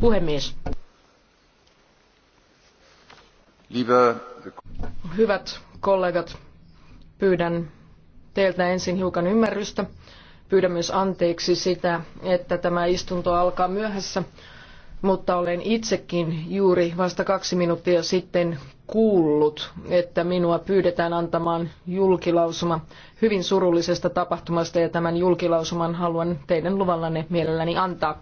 Puhemies. Hyvät kollegat, pyydän teiltä ensin hiukan ymmärrystä. Pyydän myös anteeksi sitä, että tämä istunto alkaa myöhässä, mutta olen itsekin juuri vasta kaksi minuuttia sitten kuullut, että minua pyydetään antamaan julkilausuma hyvin surullisesta tapahtumasta ja tämän julkilausuman haluan teidän luvallanne mielelläni antaa.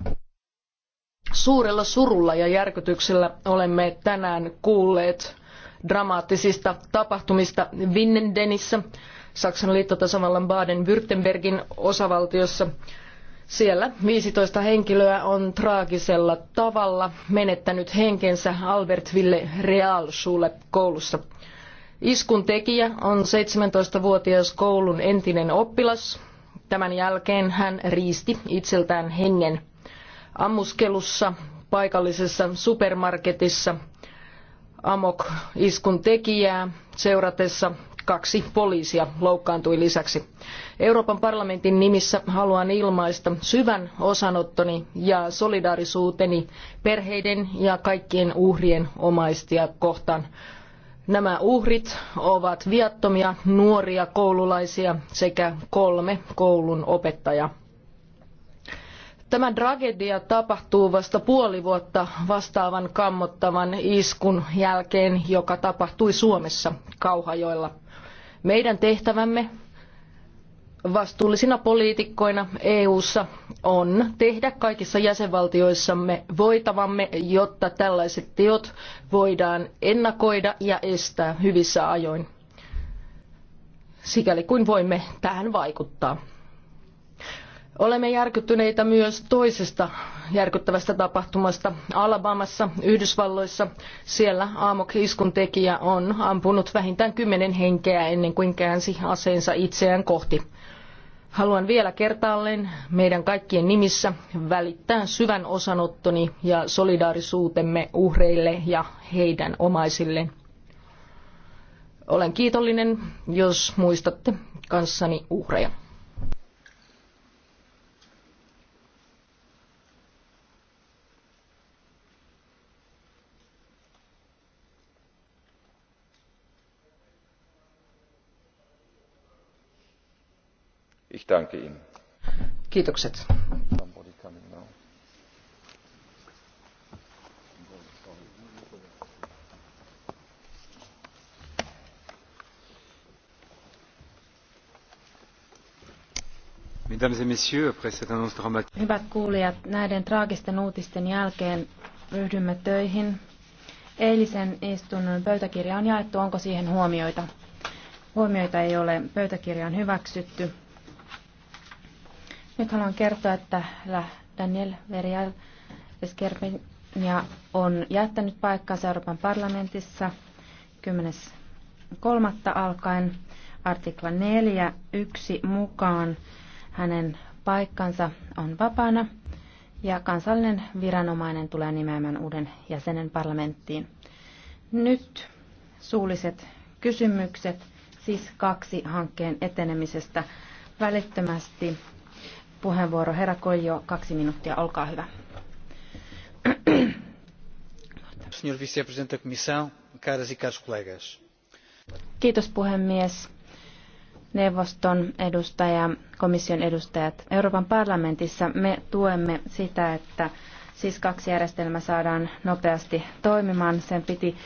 Suurella surulla ja järkytyksellä olemme tänään kuulleet dramaattisista tapahtumista Winnendenissä, Saksan liittotasavallan Baden-Württembergin osavaltiossa. Siellä 15 henkilöä on traagisella tavalla menettänyt henkensä Albertville Realschule koulussa. Iskun tekijä on 17-vuotias koulun entinen oppilas. Tämän jälkeen hän riisti itseltään hengen ammuskelussa paikallisessa supermarketissa amok-iskun tekijää seuratessa kaksi poliisia loukkaantui lisäksi. Euroopan parlamentin nimissä haluan ilmaista syvän osanottoni ja solidaarisuuteni perheiden ja kaikkien uhrien omaistia kohtaan. Nämä uhrit ovat viattomia nuoria koululaisia sekä kolme koulun opettajaa. Tämä tragedia tapahtuu vasta puoli vuotta vastaavan kammottavan iskun jälkeen, joka tapahtui Suomessa Kauhajoilla. Meidän tehtävämme vastuullisina poliitikkoina EU:ssa on tehdä kaikissa jäsenvaltioissamme voitavamme, jotta tällaiset teot voidaan ennakoida ja estää hyvissä ajoin, sikäli kuin voimme tähän vaikuttaa. Olemme järkyttyneitä myös toisesta järkyttävästä tapahtumasta Alabamassa, Yhdysvalloissa. Siellä Amok-iskun tekijä on ampunut vähintään kymmenen henkeä ennen kuin käänsi aseensa itseään kohti. Haluan vielä kertaalleen meidän kaikkien nimissä välittää syvän osanottoni ja solidaarisuutemme uhreille ja heidän omaisilleen. Olen kiitollinen, jos muistatte kanssani uhreja. Ich danke Ihnen. Kiitokset. Hyvät kuulijat, näiden traagisten uutisten jälkeen ryhdymme töihin. Eilisen istunnon pöytäkirja on jaettu. Onko siihen huomioita? Huomioita ei ole. Pöytäkirja on hyväksytty. Nyt haluan kertoa, että Daniel Verial Skerpenia on jättänyt paikkansa Euroopan parlamentissa 10.3. alkaen artikla 4.1 mukaan hänen paikkansa on vapaana ja kansallinen viranomainen tulee nimeämään uuden jäsenen parlamenttiin. Nyt suulliset kysymykset, siis kaksi hankkeen etenemisestä välittömästi puheenvuoro. Herra Koijo, kaksi minuuttia, olkaa hyvä. Senhor vice-presidente da Comissão, caras e caros colegas. Kiitos puhemies, neuvoston edustaja, komission edustajat. Euroopan parlamentissa me tuemme sitä, että siis kaksi järjestelmä saadaan nopeasti toimimaan. Sen piti